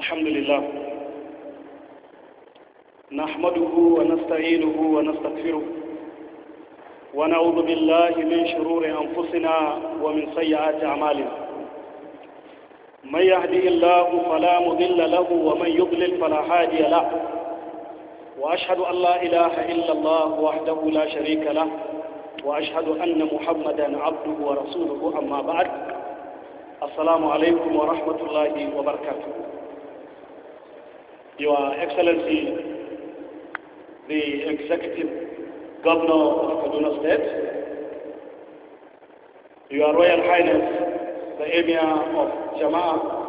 الحمد لله نحمده ونستعينه ونستغفره ونعوذ بالله من شرور أنفسنا ومن سيئات أعمالنا من يهدي الله فلا مضل له ومن يضلل فلا هادي له وأشهد أن لا إله إلا الله وحده لا شريك له وأشهد أن محمدا عبده ورسوله أما بعد السلام عليكم ورحمة الله وبركاته Your Excellency, the Executive Governor of Kaduna State, Your Royal Highness, the Emir of Jama'a,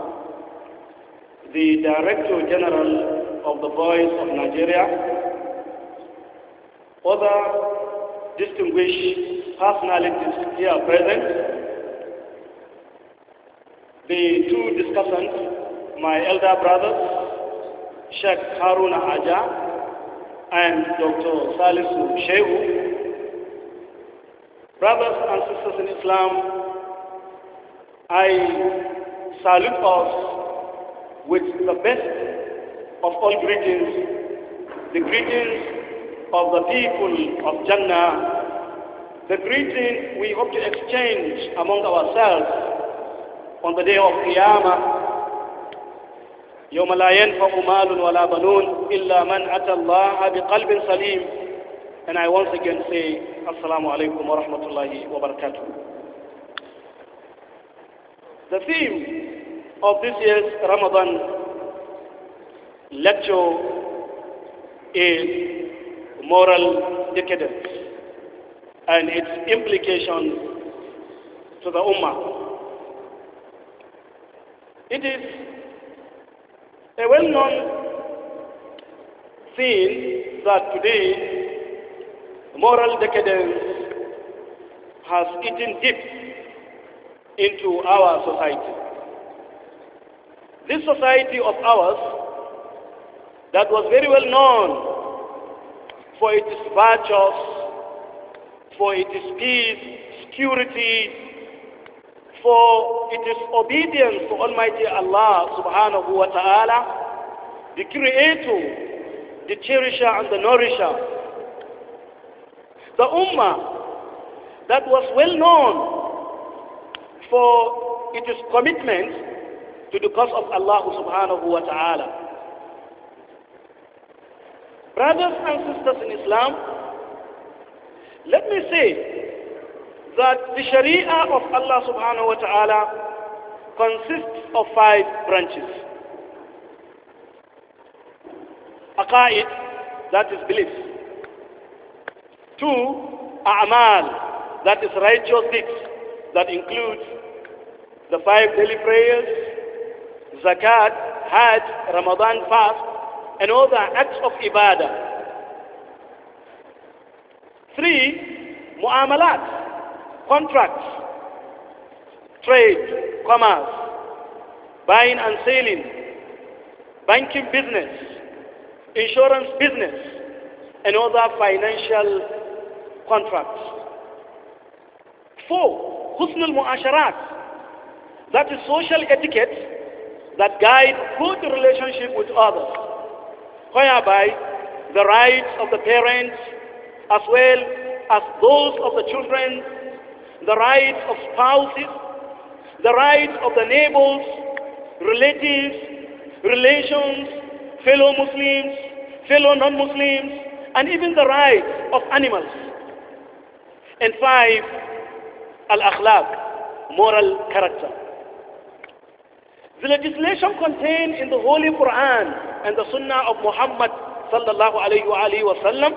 the Director General of the Boys of Nigeria, other distinguished personalities here present, the two discussants, my elder brothers, Sheikh Harun Aja and Dr. Salisu Shehu. Brothers and sisters in Islam, I salute us with the best of all greetings, the greetings of the people of Jannah, the greeting we hope to exchange among ourselves on the day of Qiyamah يوم لا ينفع مال ولا بنون إلا من أتى الله بقلب سليم And I once again say السلام عليكم wa rahmatullahi wa barakatuh The theme of this year's Ramadan lecture is moral decadence and its implications to the Ummah. It is A well-known thing that today moral decadence has eaten deep into our society. This society of ours that was very well known for its virtues, for its peace, security, for it is obedience to Almighty Allah subhanahu wa ta'ala, the creator, the cherisher and the nourisher. The Ummah that was well known for its commitment to the cause of Allah subhanahu wa ta'ala. Brothers and sisters in Islam, let me say that the Sharia of Allah subhanahu wa ta'ala consists of five branches. Aqa'id, that is belief. Two, A'mal, that is righteous deeds, that includes the five daily prayers, zakat, hajj, Ramadan fast, and all the acts of ibadah. Three, mu'amalat, contracts, trade, commerce, buying and selling, banking business, insurance business, and other financial contracts. Four, husnul mu'asharat, that is social etiquette that guide good relationship with others, whereby the rights of the parents as well as those of the children the rights of spouses, the rights of the neighbors, relatives, relations, fellow Muslims, fellow non-Muslims, and even the rights of animals. And five, al-akhlaq, moral character. The legislation contained in the Holy Quran and the Sunnah of Muhammad sallallahu alayhi wa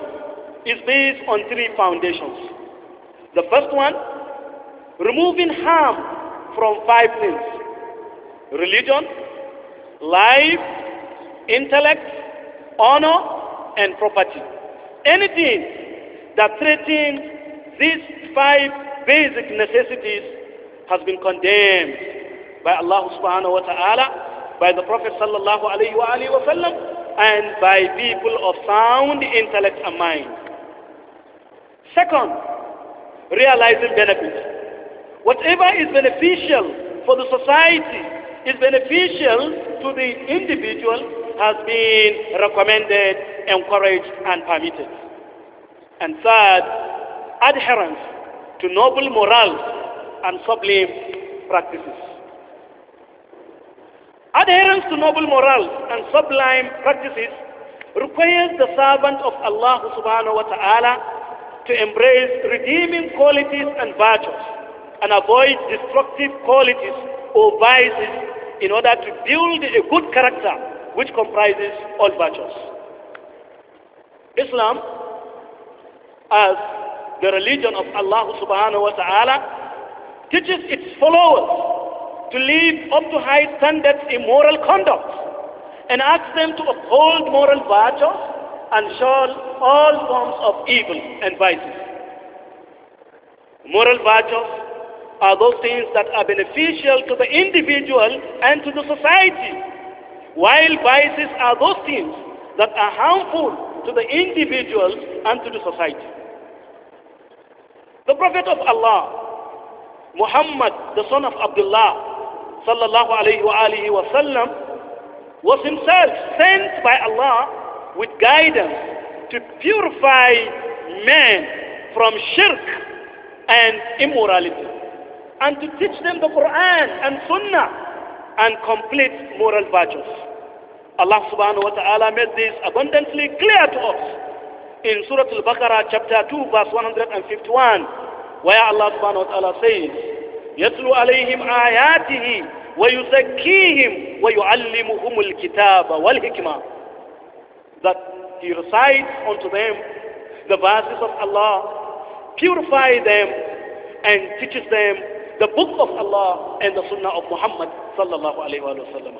is based on three foundations. The first one removing harm from five things religion, life, intellect, honor, and property. Anything that threatens these five basic necessities has been condemned by Allah subhanahu wa ta'ala, by the Prophet sallallahu alayhi wa, alayhi wa sallam, and by people of sound intellect and mind. Second, realizing benefits. Whatever is beneficial for the society is beneficial to the individual has been recommended, encouraged, and permitted. And third, adherence to noble morals and sublime practices. Adherence to noble morals and sublime practices requires the servant of Allah subhanahu wa ta'ala to embrace redeeming qualities and virtues and avoid destructive qualities or vices in order to build a good character which comprises all virtues. Islam, as the religion of Allah subhanahu wa ta'ala, teaches its followers to live up to high standards in moral conduct and asks them to uphold moral virtues and shun all forms of evil and vices. Moral virtues are those things that are beneficial to the individual and to the society, while vices are those things that are harmful to the individual and to the society. The Prophet of Allah, Muhammad, the son of Abdullah, sallallahu alayhi wa wa sallam, was himself sent by Allah with guidance to purify men from shirk and immorality and to teach them the Quran and Sunnah and complete moral virtues. Allah subhanahu wa ta'ala made this abundantly clear to us in Surah Al-Baqarah chapter 2 verse 151 where Allah subhanahu wa ta'ala says يَتْلُ عَلَيْهِمْ آيَاتِهِ وَيُزَكِّيهِمْ وَيُعَلِّمُهُمُ الْكِتَابَ وَالْحِكْمَةِ That He recites unto them the verses of Allah, purifies them and teaches them the book of Allah and the Sunnah of Muhammad sallallahu alayhi wasallam.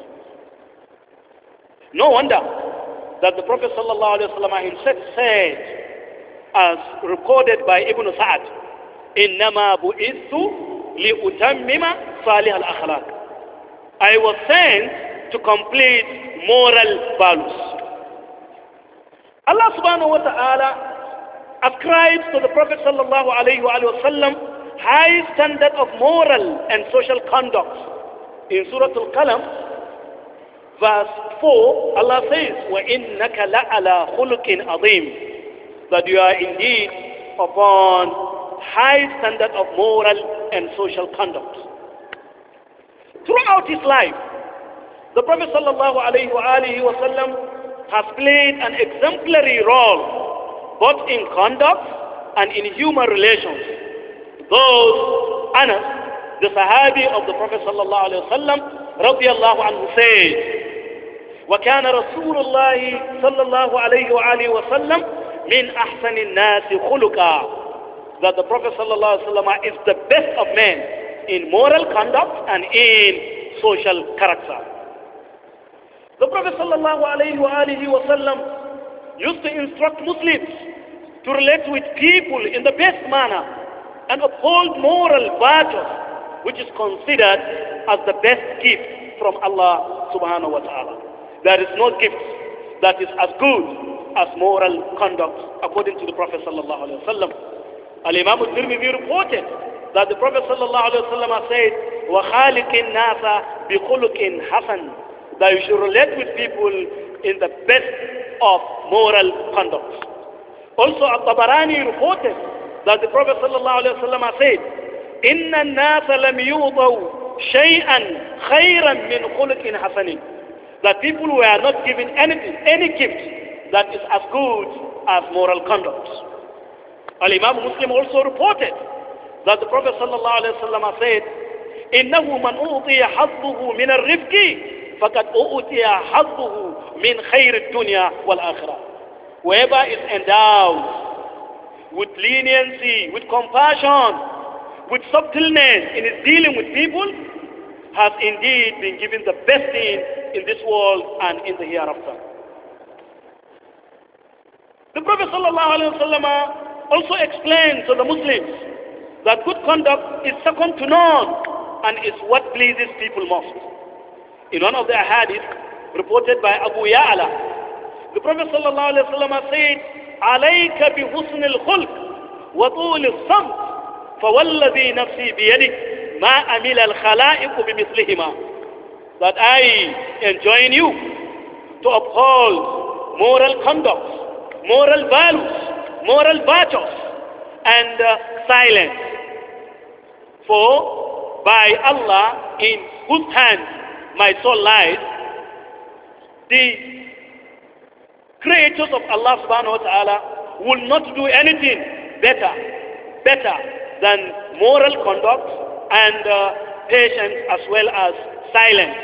No wonder that the Prophet sallallahu alayhi wasallam himself said, as recorded by Ibn Sa'ad, إِنَّمَا بُئِثُ لِأُتَمِّمَ al-akhlaq." I was sent to complete moral values. Allah subhanahu wa ta'ala ascribes to the Prophet sallallahu alayhi wasallam high standard of moral and social conduct. In Surah Al-Qalam, verse 4, Allah says, وَإِنَّكَ لَعَلَىٰ خُلُقٍ عَظِيمٍ That you are indeed upon high standard of moral and social conduct. Throughout his life, the Prophet sallallahu alayhi wasallam has played an exemplary role both in conduct and in human relations. Those, Anas, the Sahabi of the Prophet sallallahu alayhi wa sallam, radiallahu anhu said, وكان رسول الله صلى الله عليه وآله وسلم من أحسن الناس خلقا that the Prophet صلى alayhi wa sallam is the best of men in moral conduct and in social character. The Prophet sallallahu alayhi wa عليه wa sallam used to instruct Muslims to relate with people in the best manner and uphold moral virtues, which is considered as the best gift from Allah subhanahu wa ta'ala. There is no gift that is as good as moral conduct, according to the Prophet sallallahu alayhi wa sallam. Al-Imam al-Tirmidhi reported that the Prophet sallallahu alayhi wa sallam has said, وَخَالِقِ النَّاسَ بِخُلُقٍ حَسَنٍ That you should relate with people in the best of moral conduct. Also, Al-Tabarani reported that the Prophet ﷺ said, "Inna nas lam shay'an khayran min khulqin hasanin." That people who are not given anything, any gift that is as good as moral conduct. Al Imam Muslim also reported that the Prophet ﷺ said, "Innahu man utiya hazbuhu min al-rifki, fakat utiya hazbuhu min khayr al-dunya wal-akhirah." Whoever is endowed with leniency, with compassion, with subtleness in his dealing with people, has indeed been given the best thing in this world and in the hereafter. The Prophet ﷺ also explained to the Muslims that good conduct is second to none and is what pleases people most. In one of the hadith reported by Abu Ya'la, the Prophet ﷺ said, عليك بحسن الخلق وطول الصمت فوالذي نفسي بيده ما أمل الخلائق بمثلهما that I enjoin you to uphold moral conduct, moral values, moral virtues, and uh, silence. For by Allah, in whose hand my soul lies, the creators of Allah subhanahu wa ta'ala will not do anything better, better than moral conduct and uh, patience as well as silence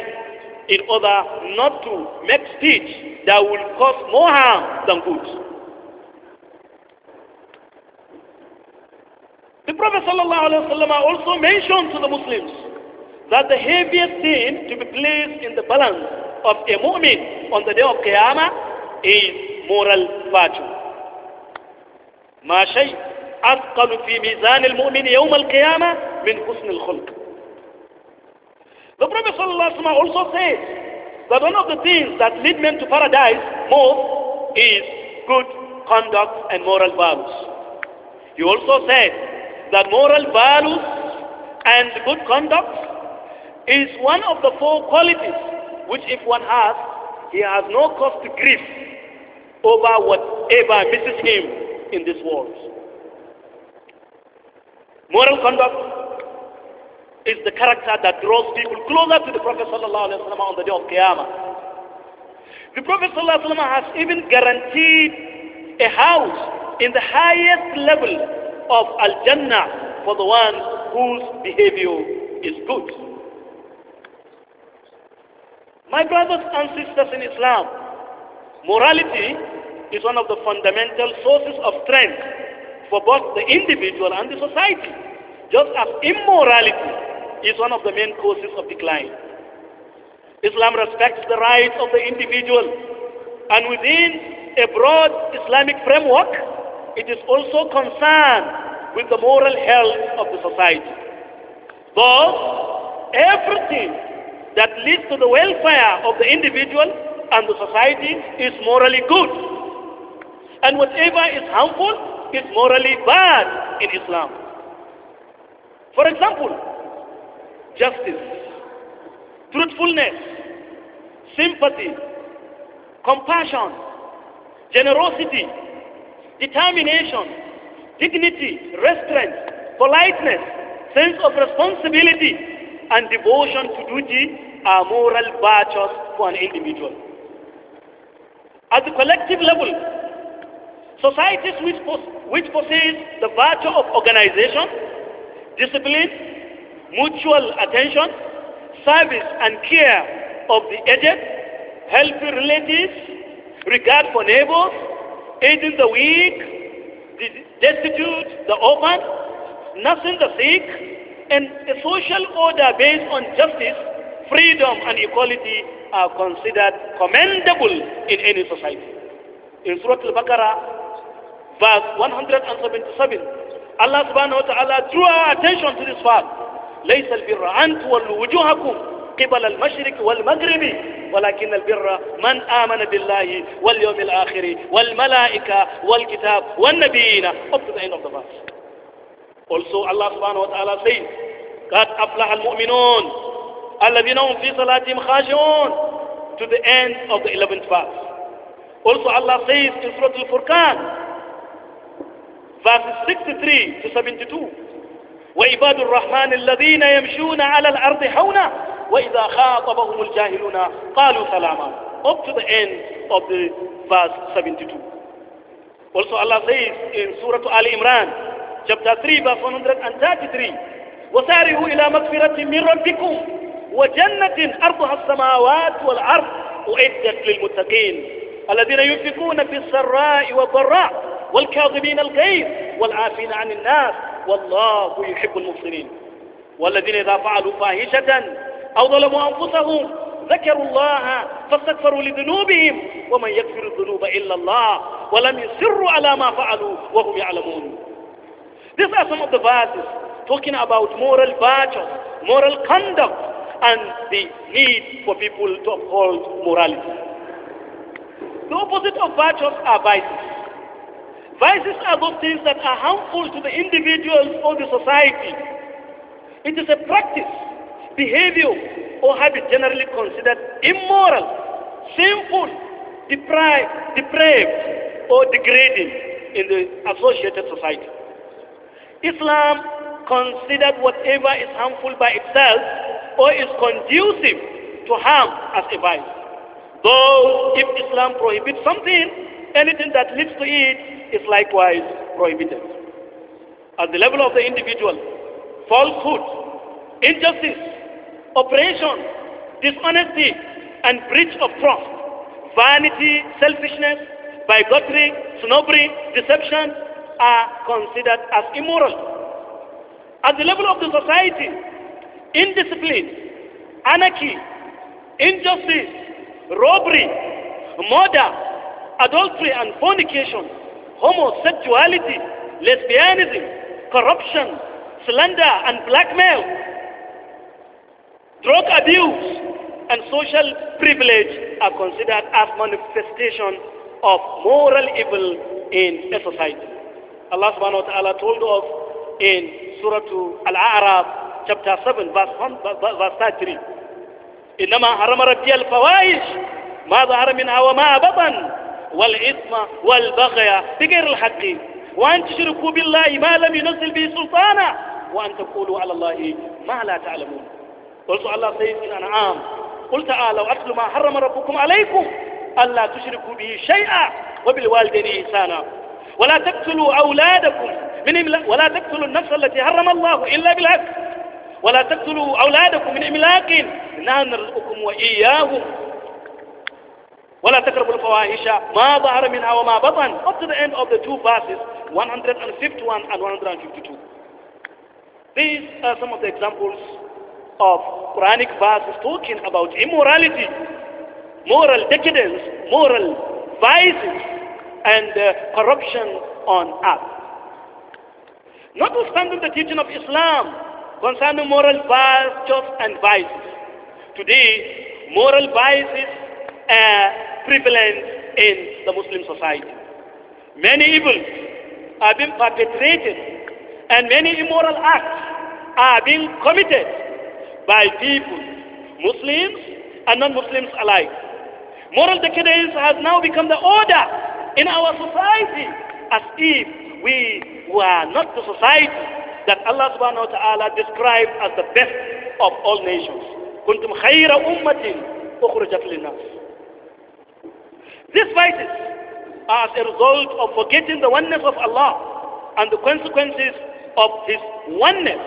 in order not to make speech that will cause more harm than good. The Prophet ﷺ also mentioned to the Muslims that the heaviest thing to be placed in the balance of a mu'min on the day of Qiyamah is moral virtue. ما شيء أثقل في ميزان المؤمن يوم من حسن الخلق. The Prophet also says that one of the things that lead men to paradise most is good conduct and moral values. He also said that moral values and good conduct is one of the four qualities which if one has, he has no cause to grieve over whatever misses him in this world. Moral conduct is the character that draws people closer to the Prophet ﷺ on the day of Qiyamah. The Prophet ﷺ has even guaranteed a house in the highest level of Al Jannah for the one whose behavior is good. My brothers and sisters in Islam, morality is one of the fundamental sources of strength for both the individual and the society, just as immorality is one of the main causes of decline. Islam respects the rights of the individual, and within a broad Islamic framework, it is also concerned with the moral health of the society. Thus, everything that leads to the welfare of the individual and the society is morally good. And whatever is harmful is morally bad in Islam. For example, justice, truthfulness, sympathy, compassion, generosity, determination, dignity, restraint, politeness, sense of responsibility, and devotion to duty are moral virtues for an individual. At the collective level, societies which, pos which possess the virtue of organization, discipline, mutual attention, service and care of the aged, helping relatives, regard for neighbors, aiding the weak, the destitute, the orphan, nursing the sick, and a social order based on justice, freedom, and equality are considered commendable in any society. In Surah Al-Baqarah, verse 177, Allah subhanahu wa ta'ala drew our attention to this fact. ليس البر أن تولوا وجوهكم قبل المشرق والمغرب ولكن البر من آمن بالله واليوم الآخر والملائكة والكتاب والنبيين up to the end of the verse Also Allah subhanahu wa ta'ala says, قَدْ أَفْلَحَ الْمُؤْمِنُونَ الَّذِينَ هُمْ فِي صَلَاتِهِمْ خَاشِعُونَ To the end of the 11th verse. Also Allah says in Surah Al-Furqan, verses 63 to 72, وَإِبَادُ الرحمن الذين يمشون على الأرض حونا وإذا خاطبهم الجاهلون قالوا سلاما up to the end of the verse 72 also Allah says in Surah Al Imran chapter 3 verse 133 وسارعوا إلى مغفرة من ربكم وجنة أرضها السماوات والأرض أعدت للمتقين الذين ينفقون في السراء والضراء والكاظمين الغيظ والعافين عن الناس والله يحب المحسنين والذين إذا فعلوا فاحشة أو ظلموا أنفسهم ذكروا الله فاستغفروا لذنوبهم ومن يغفر الذنوب إلا الله ولم يصروا على ما فعلوا وهم يعلمون These are some of the verses talking about moral virtues, moral conduct, and the need for people to uphold morality. The opposite of virtues are vices. Vices are those things that are harmful to the individual or the society. It is a practice, behavior, or habit generally considered immoral, sinful, deprived, depraved, or degrading in the associated society. Islam considered whatever is harmful by itself or is conducive to harm as a vice. Though if Islam prohibits something, anything that leads to it is likewise prohibited. At the level of the individual, falsehood, injustice, oppression, dishonesty, and breach of trust, vanity, selfishness, bigotry, snobbery, deception, are considered as immoral. At the level of the society, indiscipline, anarchy, injustice, robbery, murder, adultery and fornication, homosexuality, lesbianism, corruption, slander and blackmail, drug abuse, and social privilege are considered as manifestation of moral evil in a society. Allah subhanahu wa ta'ala told us in Surah Al-A'raf chapter 7 verse 1 verse 33 إنما حرم ربي الفوائش ما ظهر منها وما بطن والإثم والبغي بغير الحق وأن تشركوا بالله ما لم ينزل به سلطانا وأن تقولوا على الله ما لا تعلمون قلت الله سيد إن أنعام قل تعالوا أتل ما حرم ربكم عليكم ألا تشركوا به شيئا وبالوالدين إحسانا ولا تقتلوا أولادكم من إملاق ولا تقتلوا النفس التي حرم الله إلا بالحق ولا تقتلوا أولادكم من إملاق نحن نرزقكم وإياهم ولا تقربوا الفواحش ما ظهر منها وما بطن up to the end of the two verses 151 and 152 these are some of the examples of Quranic verses talking about immorality moral decadence moral vices and uh, corruption on earth. Notwithstanding the teaching of Islam concerning moral virtues and vices, today moral vices are prevalent in the Muslim society. Many evils are being perpetrated and many immoral acts are being committed by people, Muslims and non-Muslims alike. Moral decadence has now become the order in our society as if we were not the society that Allah subhanahu wa ta'ala described as the best of all nations. Kuntum khayra ummatin ukhrujat linnas. These vices are as a result of forgetting the oneness of Allah and the consequences of His oneness,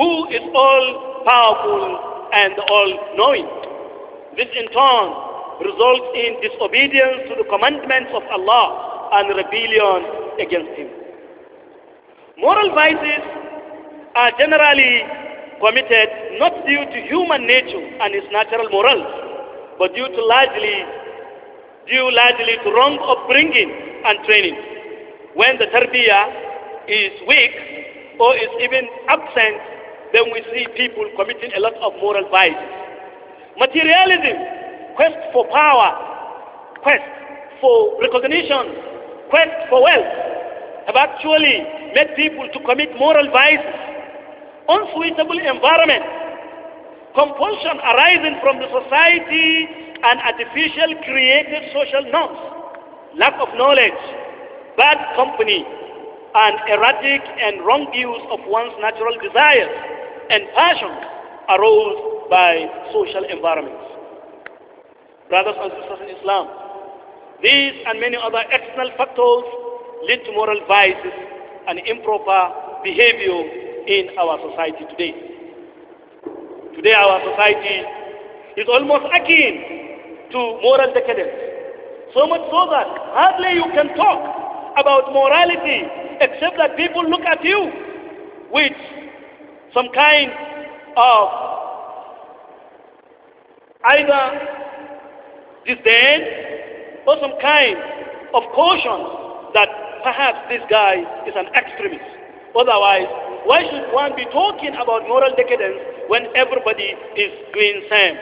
who is all powerful and all knowing. This in turn results in disobedience to the commandments of Allah and rebellion against Him. Moral vices are generally committed not due to human nature and its natural morals, but due to largely due largely to wrong upbringing and training. When the tarbiyah is weak or is even absent, then we see people committing a lot of moral vices. Materialism quest for power, quest for recognition, quest for wealth have actually made people to commit moral vices, unsuitable environment, compulsion arising from the society and artificial created social norms, lack of knowledge, bad company, and erratic and wrong use of one's natural desires and passions arose by social environments brothers and sisters in Islam. These and many other external factors lead to moral vices and improper behavior in our society today. Today our society is almost akin to moral decadence. So much so that hardly you can talk about morality except that people look at you with some kind of either then or some kind of caution that perhaps this guy is an extremist. Otherwise, why should one be talking about moral decadence when everybody is doing same?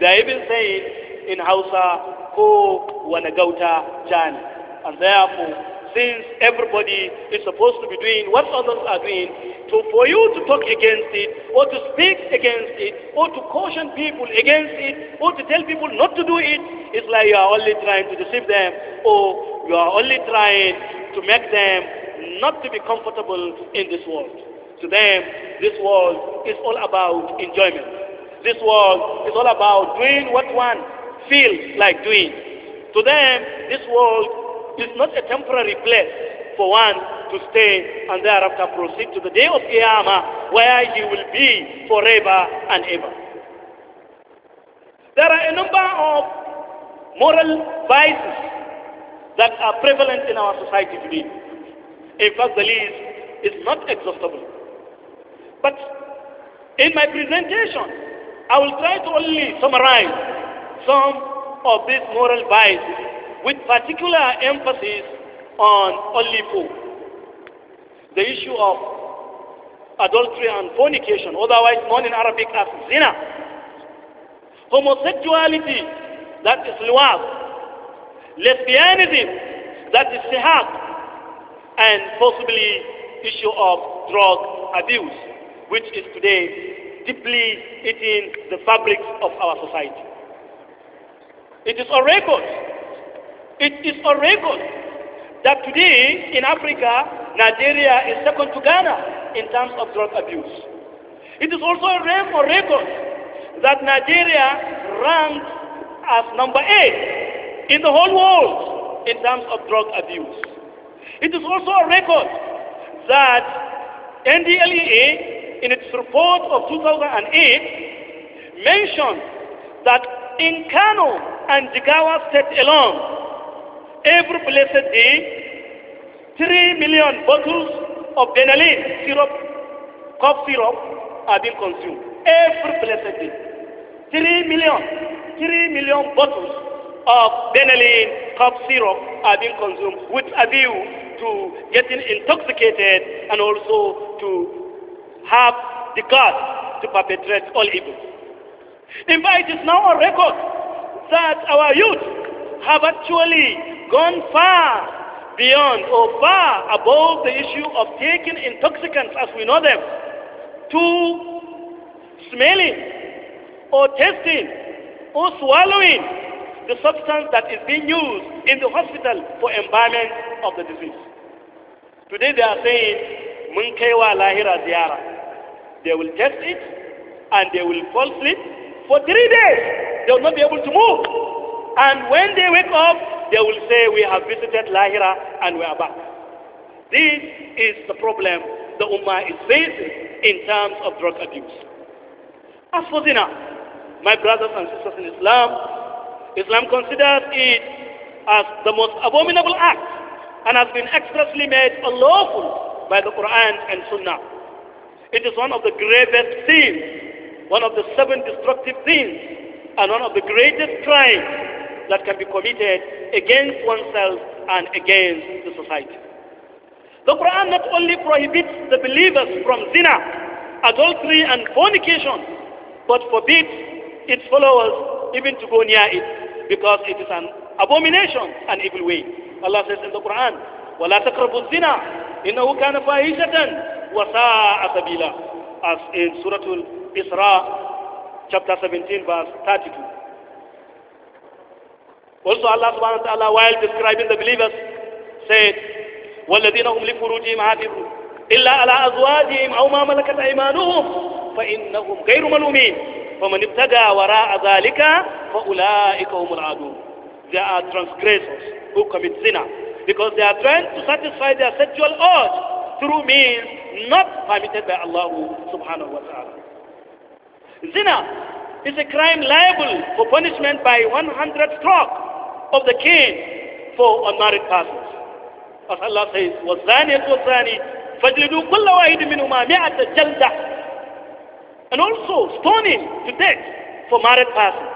They are even saying in Hausa, ko wanagauta jan. And therefore, since everybody is supposed to be doing what others are doing, to, for you to talk against it, or to speak against it, or to caution people against it, or to tell people not to do it, it's like you are only trying to deceive them, or you are only trying to make them not to be comfortable in this world. To them, this world is all about enjoyment. This world is all about doing what one feels like doing. To them, this world is not a temporary place for one to stay and thereafter proceed to the day of Qiyamah where he will be forever and ever. There are a number of moral vices that are prevalent in our society today. In fact, the list is not exhaustible. But in my presentation, I will try to only summarize some of these moral vices with particular emphasis on only food. The issue of adultery and fornication, otherwise known in Arabic as zina. Homosexuality, that is luwab. Lesbianism, that is sihab. And possibly issue of drug abuse, which is today deeply eating the fabric of our society. It is on record. It is on record that today in Africa, Nigeria is second to Ghana in terms of drug abuse. It is also a record that Nigeria ranks as number eight in the whole world in terms of drug abuse. It is also a record that NDLEA in its report of 2008 mentioned that in Kano and Jigawa state alone, every blessed day, three million bottles of Denalin syrup, cough syrup, are being consumed. Every blessed day. three million, three million bottles of Denalin cough syrup are being consumed with a view to getting intoxicated and also to have the guts to perpetrate all evil. In fact, it is now a record that our youth have actually gone far beyond or far above the issue of taking intoxicants as we know them to smelling or tasting or swallowing the substance that is being used in the hospital for environment of the disease. Today they are saying, mun kaiwa lahira ziyara. They will test it and they will fall asleep for three days. They will not be able to move. And when they wake up, they will say, we have visited Lahira and we are back. This is the problem the Ummah is facing in terms of drug abuse. As for zina, my brothers and sisters in Islam, Islam considers it as the most abominable act and has been expressly made unlawful by the Quran and Sunnah. It is one of the gravest sins, one of the seven destructive sins, and one of the greatest crimes that can be committed against oneself and against the society. The Quran not only prohibits the believers from zina, adultery and fornication, but forbids its followers even to go near it because it is an abomination, an evil way. Allah says in the Quran, وَلَا تَقْرَبُوا الزِّنَا إِنَّهُ كَانَ فَاحِشَةً وَسَاءَ سَبِيلًا As in Surah Al-Isra, chapter 17, verse 32. Also Allah subhanahu wa ta'ala while describing the believers said, وَالَّذِينَ هُمْ لِفُرُوجِهِمْ حَافِظُونَ إِلَّا عَلَىٰ أَزْوَاجِهِمْ أَوْ مَا مَلَكَتْ أَيْمَانُهُمْ فَإِنَّهُمْ غَيْرُ مَلُومِينَ فَمَنِ ابْتَغَى وَرَاءَ ذَلِكَ فَأُولَٰئِكَ هُمُ الْعَادُونَ They are transgressors who commit zina because they are trying to satisfy their sexual urge through means not permitted by Allah subhanahu wa ta'ala. Zina is a crime liable for punishment by 100 strokes of the cane for unmarried persons. As Allah says, وَالزَّانِيَةُ وَالزَّانِي فَاجْلِدُوا كُلَّ وَاحِدٍ مِنْهُمَا مِئَةَ جَلْدَةٍ And also stoning to death for married persons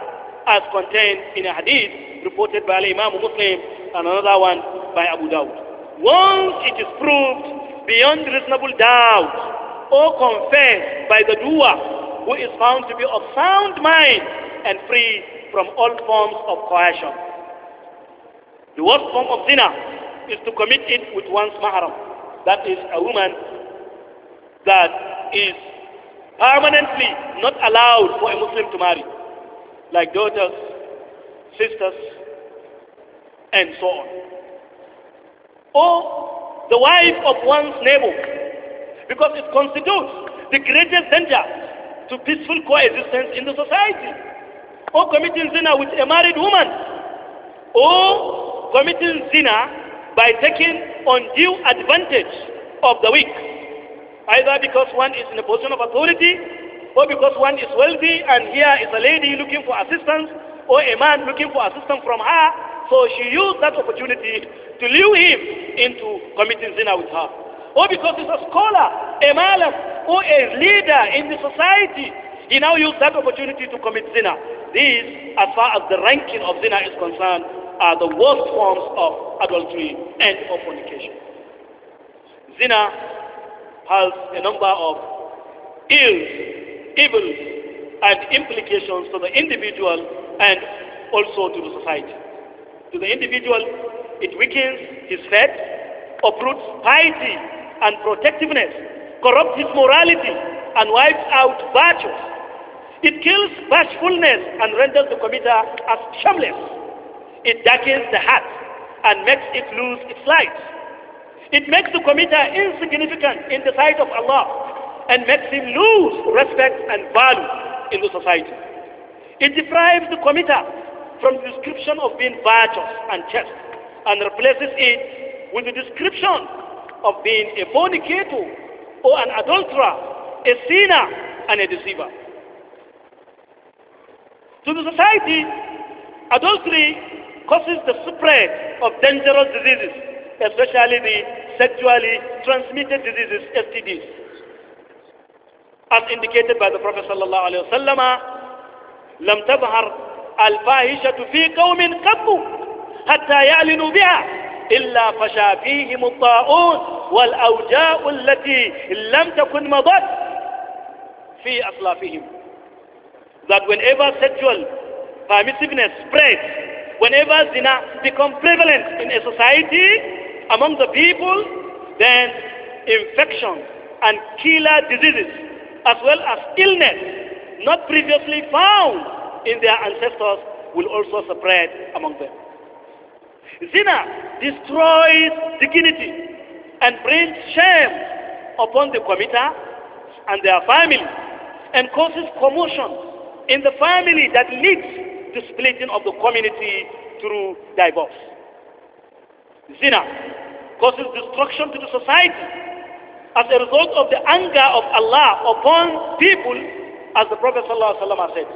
as contained in a hadith reported by Imam Muslim and another one by Abu Dawud. Once it is proved beyond reasonable doubt or confessed by the doer who is found to be of sound mind and free from all forms of coercion. The worst form of zina is to commit it with one's mahram. That is a woman that is permanently not allowed for a Muslim to marry, like daughters, sisters, and so on. Or the wife of one's neighbor, because it constitutes the greatest danger to peaceful coexistence in the society. Or committing zina with a married woman, or committing zina by taking undue advantage of the weak, either because one is in a position of authority or because one is wealthy and here is a lady looking for assistance or a man looking for assistance from her, so she used that opportunity to lure him into committing zina with her. Or because he's a scholar, a malam, or a leader in the society, he now used that opportunity to commit zina. This, as far as the ranking of zina is concerned, are the worst forms of adultery and of fornication. Zina has a number of ills, evils, and implications to the individual and also to the society. To the individual, it weakens his faith, uproots piety and protectiveness, corrupts his morality, and wipes out virtues. It kills bashfulness and renders the committer as shameless. It darkens the heart and makes it lose its light. It makes the committer insignificant in the sight of Allah and makes him lose respect and value in the society. It deprives the committer from the description of being virtuous and chaste and replaces it with the description of being a fornicator or an adulterer, a sinner and a deceiver. To the society, adultery causes the spread of dangerous diseases, especially the sexually transmitted diseases, STDs. As indicated by the Prophet sallallahu wa sallam, لم تظهر الفاحشة في قوم قط حتى يعلنوا بها إلا فشى فيهم الطاعون والأوجاء التي لم تكن مضت في أصلافهم. That whenever sexual permissiveness spreads Whenever zina becomes prevalent in a society, among the people, then infection and killer diseases, as well as illness not previously found in their ancestors, will also spread among them. Zina destroys dignity and brings shame upon the committer and their family and causes commotion in the family that leads displacing of the community through divorce. Zina causes destruction to the society as a result of the anger of Allah upon people, as the Prophet ﷺ said.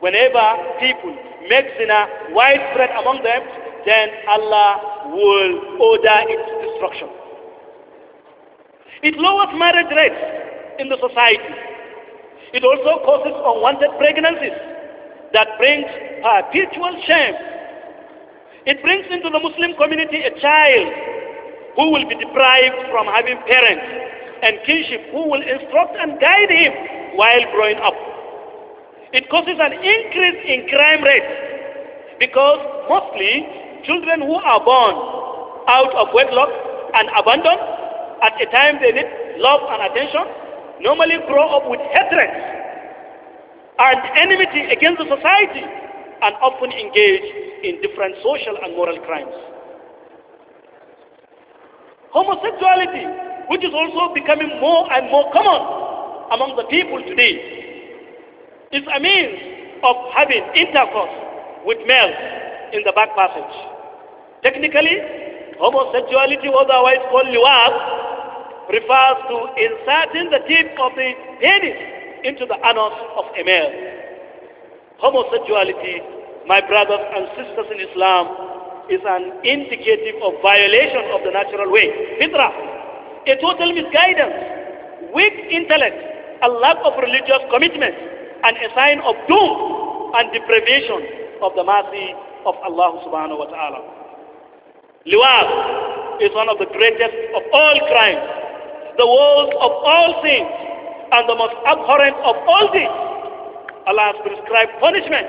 Whenever people make zina widespread among them, then Allah will order its destruction. It lowers marriage rates in the society. It also causes unwanted pregnancies that brings perpetual shame. It brings into the Muslim community a child who will be deprived from having parents and kinship who will instruct and guide him while growing up. It causes an increase in crime rates because mostly children who are born out of wedlock and abandoned at a time they need love and attention normally grow up with hatred are at enmity against the society and often engage in different social and moral crimes. Homosexuality, which is also becoming more and more common among the people today, is a means of having intercourse with males in the back passage. Technically, homosexuality, otherwise called liwab, refers to inserting the tip of the penis into the annals of a male. Homosexuality, my brothers and sisters in Islam, is an indicative of violation of the natural way. Fitra, a total misguidance, weak intellect, a lack of religious commitment, and a sign of doom and deprivation of the mercy of Allah subhanahu wa ta'ala. Liwab is one of the greatest of all crimes, the worst of all sins, and the most abhorrent of all this. Allah has prescribed punishment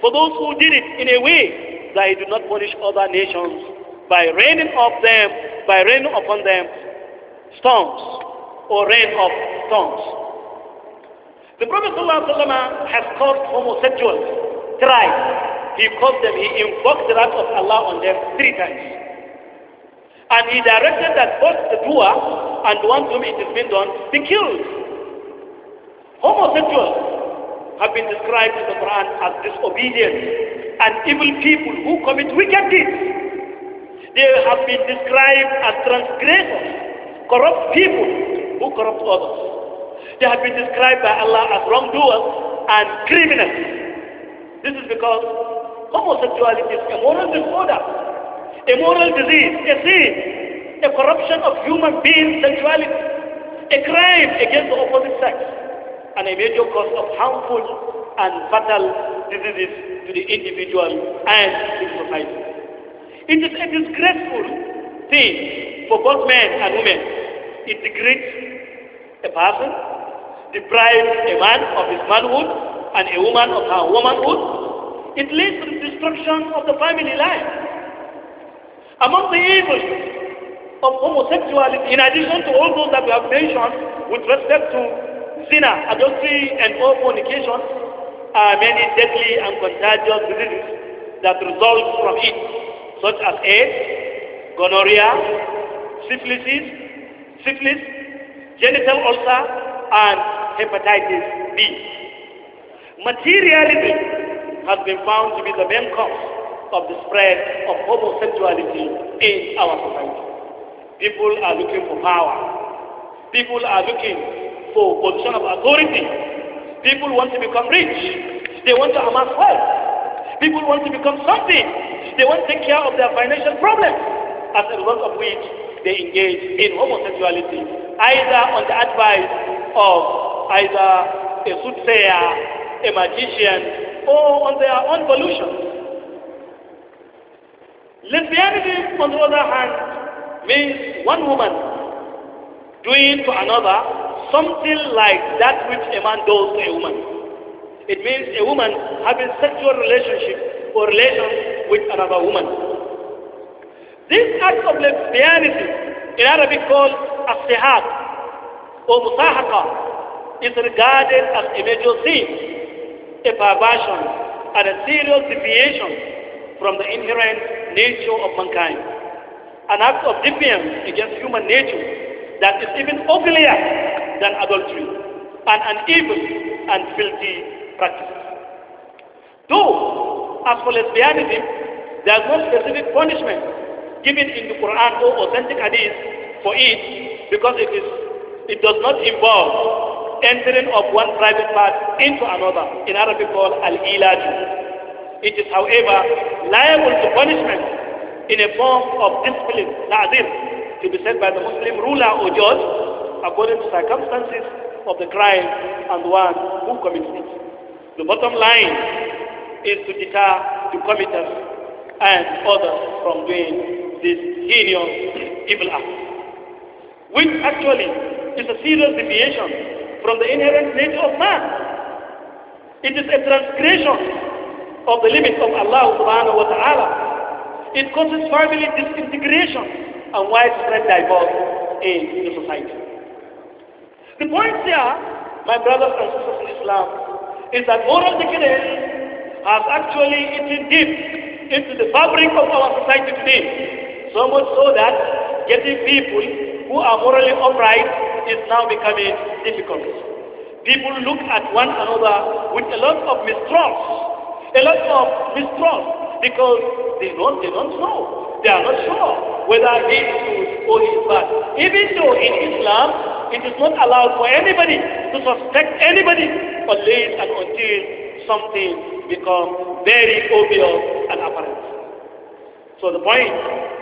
for those who did it in a way that He did not punish other nations by raining of them, by raining upon them storms or rain of storms. The Prophet ﷺ has caused homosexuals thrice. He caused them, he invoked the wrath of Allah on them three times. And he directed that both the doer and the one to whom it is been done be killed. Homosexuals have been described in the Quran as disobedient and evil people who commit wicked deeds. They have been described as transgressors, corrupt people who corrupt others. They have been described by Allah as wrongdoers and criminals. This is because homosexuality is a moral disorder, a moral disease, a sin, a corruption of human beings' sexuality, a crime against the opposite sex and a major cause of harmful and fatal diseases to the individual and society. It is a disgraceful thing for both men and women. It degrades a person, deprives a man of his manhood and a woman of her womanhood. It leads to the destruction of the family life. Among the evils of homosexuality, in addition to all those that we have mentioned with respect to Sin, adultery, and all fornication are many deadly and contagious diseases that result from it, such as AIDS, gonorrhea, syphilis, syphilis, genital ulcer, and hepatitis B. Materialism has been found to be the main cause of the spread of homosexuality in our society. People are looking for power. People are looking for position of authority. People want to become rich. They want to amass wealth. People want to become something. They want to take care of their financial problems. As a result of which, they engage in homosexuality, either on the advice of either a soothsayer, a magician, or on their own volition. Lesbianism, on the other hand, means one woman doing to another something like that which a man does to a woman. It means a woman having sexual relationship or relations with another woman. This act of lesbianism, in Arabic called as or musahaqa, is regarded as a major sin, a perversion, and a serious deviation from the inherent nature of mankind. An act of defiance against human nature that is even uglier than adultery and an evil and filthy practice. Though, as for lesbianism, there is no specific punishment given in the Quran or authentic hadith for it because it, is, it does not involve entering of one private part into another, in Arabic called al-ilaj. It is, however, liable to punishment in a form of discipline, ta'zir, to be said by the Muslim ruler or judge according to circumstances of the crime and the one who commits it. The bottom line is to deter the committers and others from doing this heinous evil act, which actually is a serious deviation from the inherent nature of man. It is a transgression of the limits of Allah subhanahu wa ta'ala. It causes family disintegration and widespread divorce in the society. The point here, my brothers and sisters in Islam, is that oral decadence has actually eaten deep into the fabric of our society today. So much so that getting people who are morally upright is now becoming difficult. People look at one another with a lot of mistrust, a lot of mistrust, because they don't, they don't know. They are not sure whether he is good or he is bad. Even though in Islam, it is not allowed for anybody to suspect anybody unless and until something becomes very obvious and apparent. So the point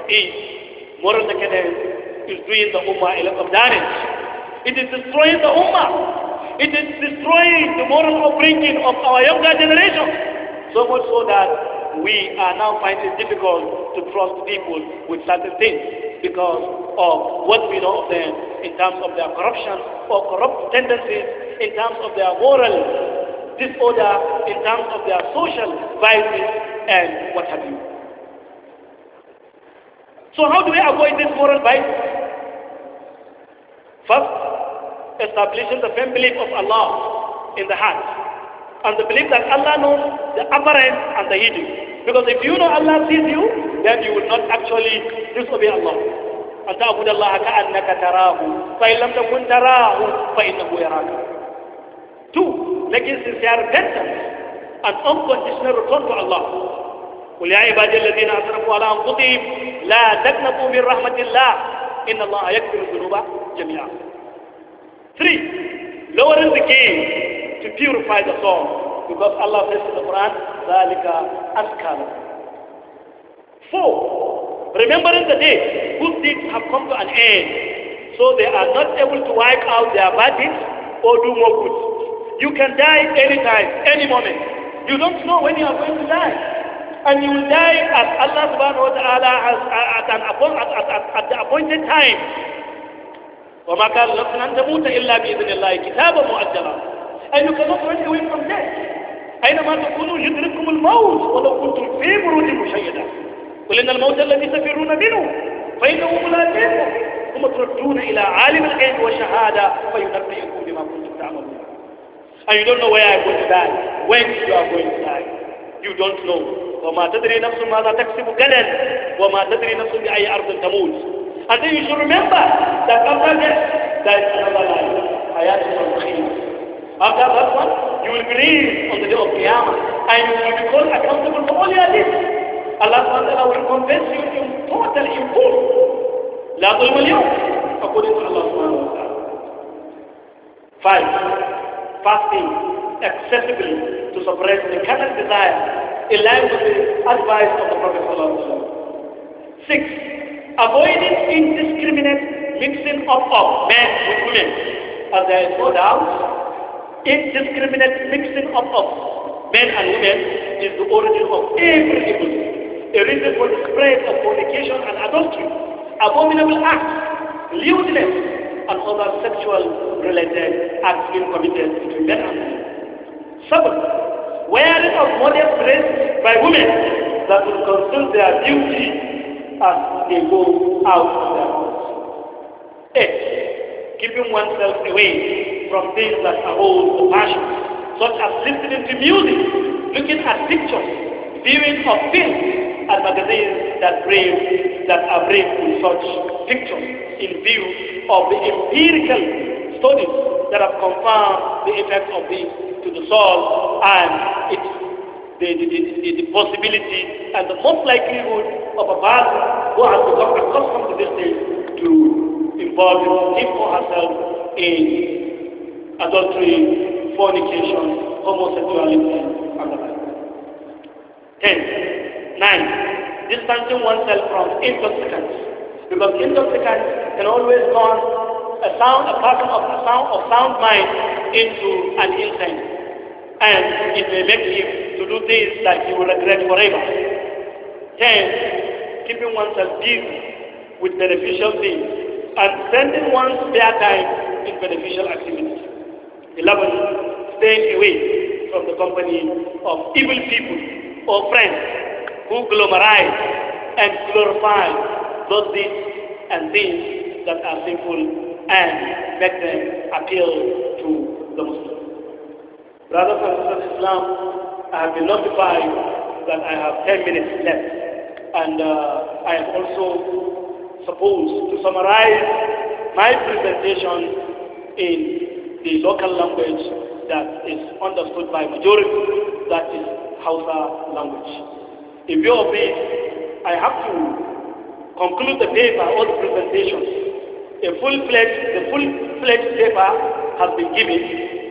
is, moral decadence is doing the Ummah a lot of damage. It is destroying the Ummah. It is destroying the moral upbringing of our younger generation. So much so that we are now finding it difficult to trust people with certain things because of what we know of them in terms of their corruption or corrupt tendencies, in terms of their moral disorder, in terms of their social vices, and what have you. So how do we avoid this moral vice? First, establishing the firm belief of Allah in the heart and the belief that Allah knows the apparent and the hidden. Because if you know Allah sees you, then you will not actually disobey Allah. أن الله كأنك تراه فإن لم تكن تراه فإنه يراك تو لكن سنسيار جدا أن أنقل إسم الرطان الله قل يا عبادي الذين أسرفوا على أنقضهم لا تقنطوا من رحمة الله إن الله يكفر الذنوب جميعا 3. Lowering the game to purify the soul because Allah says in the Quran ذلك أذكر 4. remembering the day good deeds have come to an end. So they are not able to wipe out their bad deeds or do more good. You can die anytime, any moment. You don't know when you are going to die. And you will die as Allah subhanahu wa ta'ala has, uh, at, an, at, at, at, the appointed time. وَمَا كَانَ لَكُمْ أَن تَمُوتَ إِلَّا بِإِذْنِ اللَّهِ كِتَابًا مُؤَجَّلًا And you cannot run away from death. أينما تكونوا يدرككم الموت ولو كنتم في بروج قل إن الموت الذي تفرون منه فإنه ملاقيكم ثم تردون إلى عالم الغيب والشهادة فينبئكم بما كنتم تعملون And you don't know where I'm going to die, when you are going to die. You don't know. وما تدري نفس ماذا تكسب غدا وما تدري نفس بأي أرض تموت. And then you should remember that after this, there is another life. حياة الخير. After that one, you will believe on the day of Qiyamah and you will be called accountable for all your deeds. Allah SWT will convince you to total improve. لا ظلم اليوم according to Allah subhanahu wa ta'ala. Five, fasting accessibly to suppress the carnal desire in line with the advice of the Prophet sallallahu alaihi wasallam. Six, avoiding indiscriminate mixing of of men with women. As there is no doubt, indiscriminate mixing of of men and women is the origin of every evil a reason for the spread of fornication and adultery, abominable acts, lewdness, and other sexual related acts being committed between men and women. Seven, wearing of modest dress by women that will conceal their beauty as they go out of their homes. Eight, keeping oneself away from things that arouse the passions, such as listening to music, looking at pictures, viewing of films and magazines that brave, that are brave with such pictures in view of the empirical studies that have confirmed the effects of this to the soul and its, the, the, the, the possibility and the most likelihood of a man who has become accustomed to this thing to involve him or herself in adultery, fornication, homosexuality, 10. 9. Distancing oneself from intoxicants. Because intoxicants can always turn a sound, a person of sound of sound mind into an insane. And it may make him to do things that he will regret forever. 10. Keeping oneself busy with beneficial things and spending one's spare time in beneficial activities. 11. Staying away from the company of evil people or friends who glamorize and glorify those deeds and things that are sinful and make them appeal to the Muslims. Brothers and sisters in Islam, I have been notified that I have 10 minutes left and uh, I am also supposed to summarize my presentation in the local language that is understood by majority, that is Hausa language. In view of this, I have to conclude the paper or the presentation. A full-fledged, the full-fledged paper has been given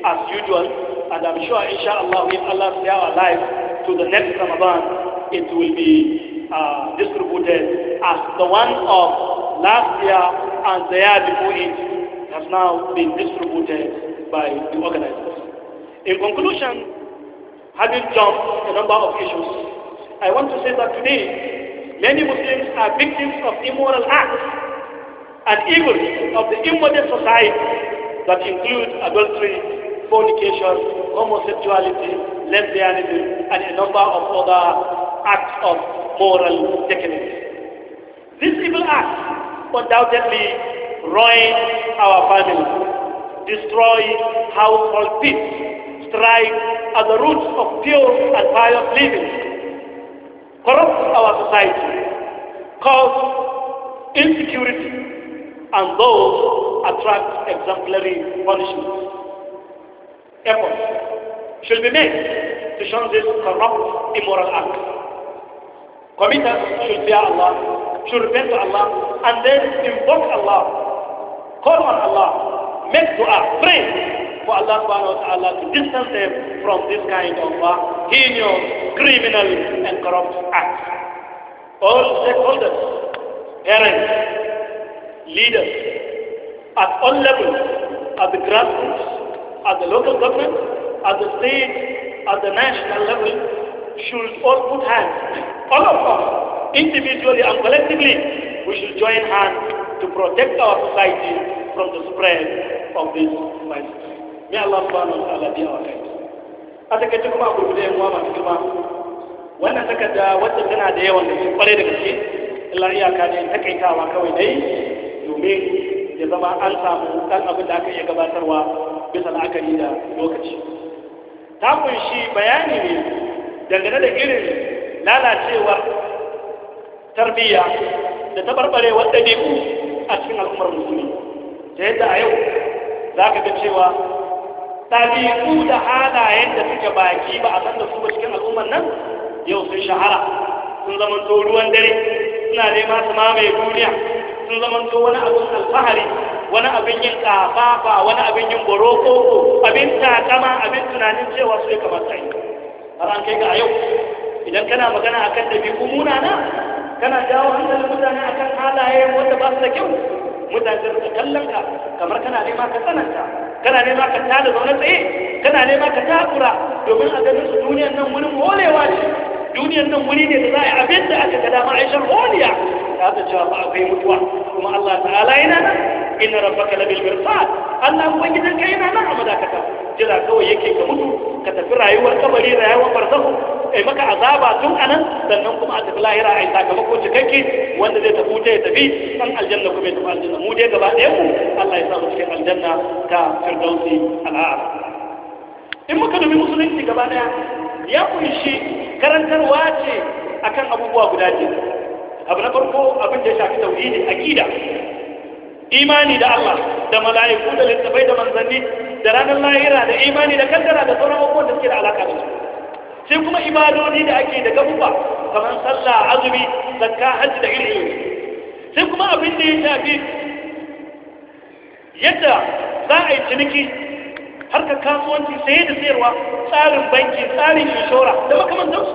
as usual, and I'm sure, inshallah, if Allah stay our life to the next Ramadan, it will be uh, distributed as the one of last year and the year before it has now been distributed by the organizers. In conclusion, having jumped a number of issues. I want to say that today, many Muslims are victims of immoral acts and evils of the immodern society that include adultery, fornication, homosexuality, lesbianism, and a number of other acts of moral decadence. These evil acts undoubtedly ruin our families, destroy household peace, strike at the roots of pure and pious living, Corrupt our society, cause insecurity, and those attract exemplary punishment. Efforts should be made to shun this corrupt, immoral act. Committers should fear Allah, should repent to Allah, and then invoke Allah, call on Allah, make dua, pray for Allah subhanahu wa ta'ala to distance them from this kind of uh, heinous, criminal and corrupt acts. All stakeholders, parents, leaders, at all levels, at the grassroots, at the local government, at the state, at the national level, should all put hands, all of us, individually and collectively, we should join hands to protect our society from the spread of this virus. mi Allah subhanahu wa ta'ala biya wa kai a ta kuma a bude mu ba kuma girma wannan takarda wata tana da yawan da kware da gaske illa iyaka ne takaitawa kawai dai domin ya zama an samu dan abin da aka iya gabatarwa bisa la'akari da lokaci ta kunshi bayani ne dangane da irin lalacewa tarbiyya da tabarbarewar ɗabi'u a cikin al'ummar musulmi ta yadda a yau za ka ga cewa ɗabi'u da halayen da suke baki ba a san da su ba cikin al'ummar nan yau sun shahara sun to ruwan dare suna nema su mamaye duniya sun to wani abin alfahari wani abin yin ƙafafa wani abin yin boroko abin takama abin tunanin cewa su ya kamata yi har an kai ga a yau idan kana magana akan ɗabi'u munana kana jawo hankalin mutane akan halaye wanda ba su da kyau mutane da kallon ka kamar kana nema ka tsananta kana nema ka tada zaune tsaye kana nema ka takura domin a ganin su duniyar nan wurin holewa ce duniyar nan wuri ne da za a yi abin da aka gada ma'aishar holiya ta ta cewa ba akwai mutuwa kuma Allah ta'ala yana nan inna rabbaka labil mirsad Allah gidan ka yana nan a madakata jira kawai yake ka mutu ka tafi rayuwar kabari rayuwar barzahu ai maka azaba tun anan sannan kuma a tafi lahira a ai sakamako cikakke wanda zai tafi wuce ya tafi san aljanna kuma ya tafi aljanna mu dai gaba ɗayan mu Allah ya sa mu cikin aljanna ta firdausi al'ar in muka dubi musulunci gaba ɗaya ya kunshi karantarwa ce akan abubuwa guda biyu abu na farko abin da ya shafi tauhidi akida imani da Allah da mala'iku da littafai da manzanni da ranar lahira da imani da kaddara da sauran abubuwan da suke da alaka da su sai kuma ibadodi da ake da gabuwa kamar sallah azumi zakka hajji da ilimi sai kuma abin da ya shafi yadda za a yi ciniki har ka kasuwanci saye da sayarwa tsarin banki tsarin inshora da makamantansu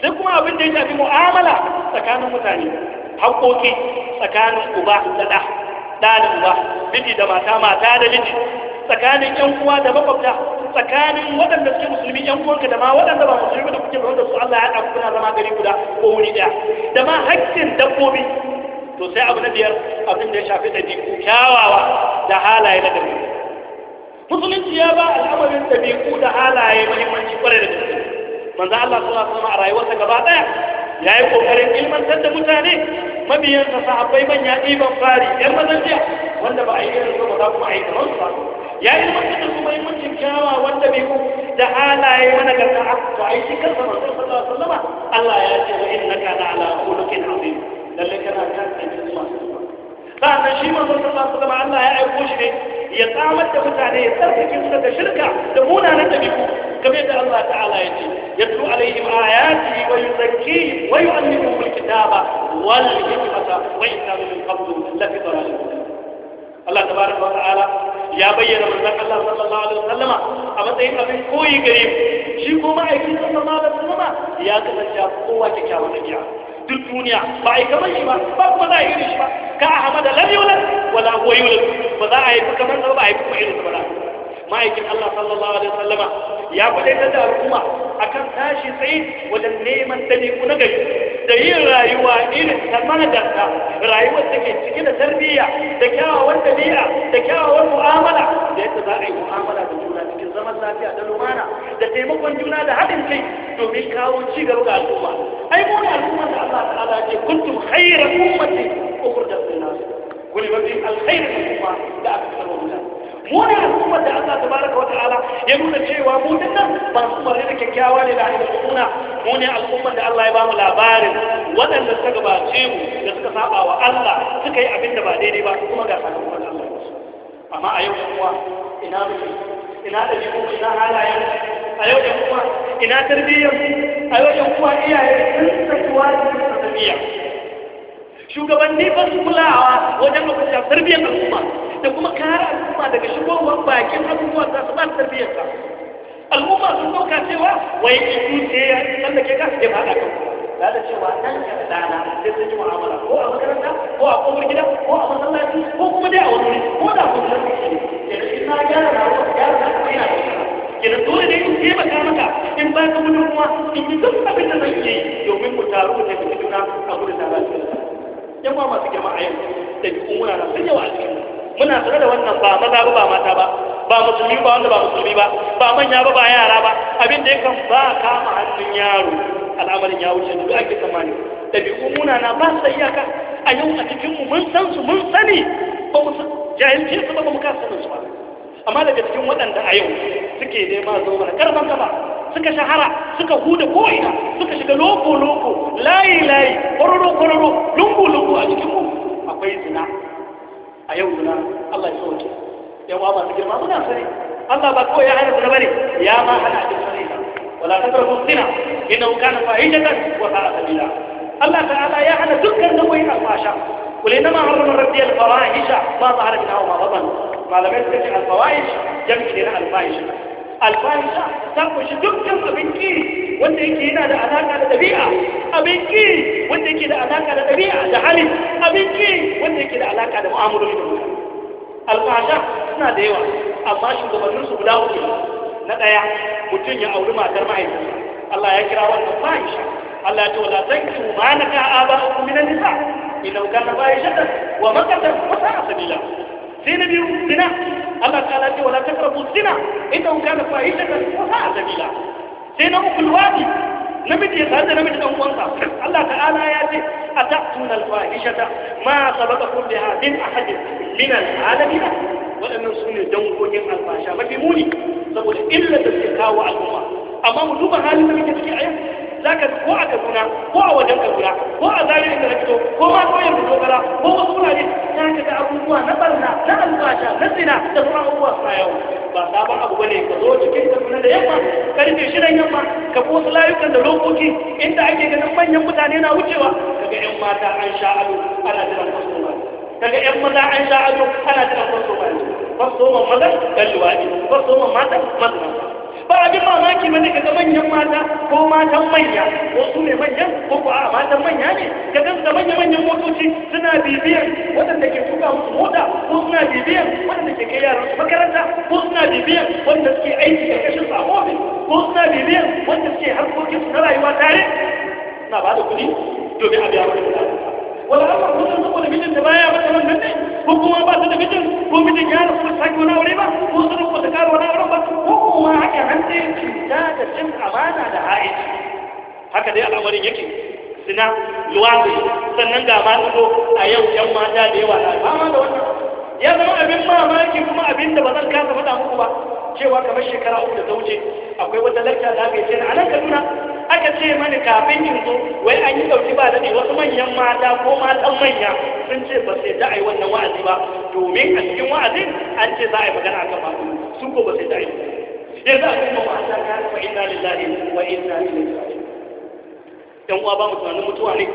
sai kuma abin da ya shafi mu'amala tsakanin mutane haƙoƙi tsakanin uba da ɗa ɗa da uba miji da mata mata da miji tsakanin ƴan uwa da maƙwabta. tsakanin waɗanda suke musulmi ƴan uwanka da ma waɗanda ba musulmi da kuke da su Allah ya haɗa kuna zama gari guda ko wuri ɗaya da ma haƙƙin dabbobi to sai abu na biyar abin da ya shafi ɗabi'u kyawawa da halaye na ɗabi'u musulunci ya ba al'amarin ɗabi'u da halaye muhimmanci kwarai da gaske manzo Allah sallallahu alaihi wasallam a rayuwarsa gaba ɗaya yayi kokarin ilmantar da mutane mabiyansa sahabbai manya ɗiban fari yan mazan jiya wanda ba a yi irin su ba za kuma a yi kamar su ba ya ilmantar da muhimmancin kyawa wanda bai ku da halaye mana gargaɗa to ai shi kansa manzo sallallahu alaihi wasallam Allah ya ce wa innaka la ala khuluqin azim lalle kana kan aikin masu sannan shi manzo sallallahu alaihi wasallam Allah ya aiko shi ne ya tsamar da mutane ya tsarkake su daga shirka da munanan dabi'u kamar yadda Allah ta'ala ya ce yatlu alaihim ayati wa yuzakkihim wa yu'allimuhum alkitaba wal hikmata wa in kanu min qablu lafi dhalalin Allah tabaraka wa ta'ala ya bayyana manzon Allah sallallahu alaihi wasallam a matsayin abin koyi gare mu shi ko ma'aikin sallallahu alaihi wasallam ya kasance kowa kyakkyawan dabi'a duk duniya ba a yi kamar shi ba ba kuma za a yi irin shi ba ka ahmada lam yulad wala huwa yulad ba za a yi kamar ba a yi kuma irin ba ma'aikin Allah sallallahu alaihi wasallama ya kwadaitar da al'umma akan tashi tsaye wajen neman dabi'u na gari da yin rayuwa irin ta manadarta rayuwar da ke cike da tarbiyya da kyawawan dabi'a da kyawawan mu'amala da yadda za a yi mu'amala da juna cikin zaman lafiya da lumana da taimakon juna da haɗin kai domin kawo ci gaba ga al'umma ai mu ne al'ummar da Allah ta'ala ce kuntum khayra ummati ukhrijat lin nas kullu bi alkhairi al-umma da aka karwa mutane mu ne al'ummar da Allah tabaraka wata'ala ya nuna cewa mu dinnan ba su bari da kyakkyawa ne da al'umma mu ne al'ummar da Allah ya ba mu labarin waɗanda suka gabace mu da suka saba wa Allah suka yi abin da ba daidai ba kuma ga sakamakon Allah amma a yau kuma ina muke ina da jiko ina halayen a yau da kuma ina tarbiyyar a yau da kuma iyaye sun tsakuwa da tarbiyya shugabanni ba su kulawa wajen lokacin tarbiyyar al'umma da kuma kare al'umma daga shigowar bakin abubuwan za su ba su tarbiyyar ka al'umma sun dauka cewa wai in ce ya yi. ke ka ya faɗa ka da da cewa nan ya dana sai sun yi mu'amala ko a makaranta ko a kofar gida ko a masallaci ko kuma dai a wani wuri ko da kuma sun yi ne na gyara na wasu gyara na kuma yana kenan dole ne in taimaka maka in ba ka mutum kuma in yi duk abin da zan yi domin mu taru mu tafi juna a gudu tare da yan ba masu girma a yau da bi umura na sun yawa a cikin muna sanar da wannan ba maza ba ba mata ba ba musulmi ba wanda ba musulmi ba ba manya ba ba yara ba abin da yakan ba kama hannun yaro al'amarin ya wuce duk ake tsammani ɗabi'u na ba su iyaka a yau a cikinmu mun san su mun sani ba mu jahilce su ba mu kasa sanin su ba amma daga cikin waɗanda a yau suke nema zo mana karban gaba suka shahara suka huda ko'ina suka shiga loko-loko layi-layi kororo kororo lungu-lungu a mu akwai zina a yau na Allah ya sauke yan uwa masu girma muna sani Allah ba kawai ya hana zina bane ya ma hana abin sani ba wala taqrabu zina innahu kana fahishatan wa sa'a sabila Allah ta'ala ya hana dukkan nauyin alfasha قل إنما حرم ربي الفواحش ما ظهر منها وما بطن ما لم يذكر الفواحش جمع لنا الفاحش alfahisha ta kunshi dukkan abin ki wanda yake yana da alaka da ɗabi'a abin ki wanda yake da alaka da ɗabi'a da hali abin ki wanda yake da alaka da mu'amalolin da mutane alfahisha suna da yawa amma shugabannin su guda uku na ɗaya mutum ya auri matar mahaifinsa Allah ya kira wannan fahisha Allah ya ce wala tanki ma naka aba'ukum minan nisa idan kana fahishatan wa makatan wata sabila sai na biyu zina Allah ta'ala ce wala taqrabu zina idan kana fahishatan wa sa'a sabila sai na uku alwadi namiji ya da namiji dan uwansa Allah ta'ala ya ce atatuna ta. ma sabaqakum biha min ahad waɗannan alalamin wadannan sune dangogin alfasha mafi muni saboda illa da suke kawo al'umma amma mu duba halin da muke ciki a yau za ka ko a kaduna ko a wajen kaduna ko a zari inda na fito ko ma ko yanzu dogara ko wasu wurare za ka ga abubuwa na barna na albasha na zina da sauran abubuwa suna yau ba sabon abu bane ka zo cikin kaduna da yamma karfe shidan yamma ka ko wasu layukan da lokoki inda ake ganin manyan mutane na wucewa kaga yan mata an sha ado ana jiran kwasto ba kaga yan maza an sha ado ana jiran kwasto ba kwasto ma maza dan luwaɗi kwasto ma mata mazina ba abin mamaki bane ka ga manyan mata ko matan manya ko su ne manyan ko ko a matan manya ne ka ga da manyan manyan motoci suna bibiyan wadanda ke tuka musu mota ko suna bibiyan wadanda ke kai yaran su makaranta ko suna bibiyan wadanda suke aiki karkashin a ofis ko suna bibiyan wadanda suke harkokin su na rayuwa tare suna ba da kuɗi domin a biya kuɗin wala Allah ko sun saboda mijin da baya mata nan ne ko kuma ba su da mijin ko mijin ya rasu sai ko na aure ba ko sun da karo na wuri ba ko Kuma ma haɗa hannun cuta da cin amana da haici haka dai al'amarin yake suna luwaɗe sannan ga masu a yau yan mata da yawa da fama da wannan ya zama abin mamaki kuma abin da ba zan kasa faɗa muku ba cewa kamar shekara uku da ta wuce akwai wata lakta da aka yi a nan nuna aka ce mani kafin in zo wai an yi ɗauki ba daɗi wasu manyan mata ko matan manya sun ce ba sai da a yi wannan wa'azi ba domin a cikin wa'azin an ce za a yi magana akan ba su ko ba sai da a yi me uwa ba mu tunanin mutuwa ne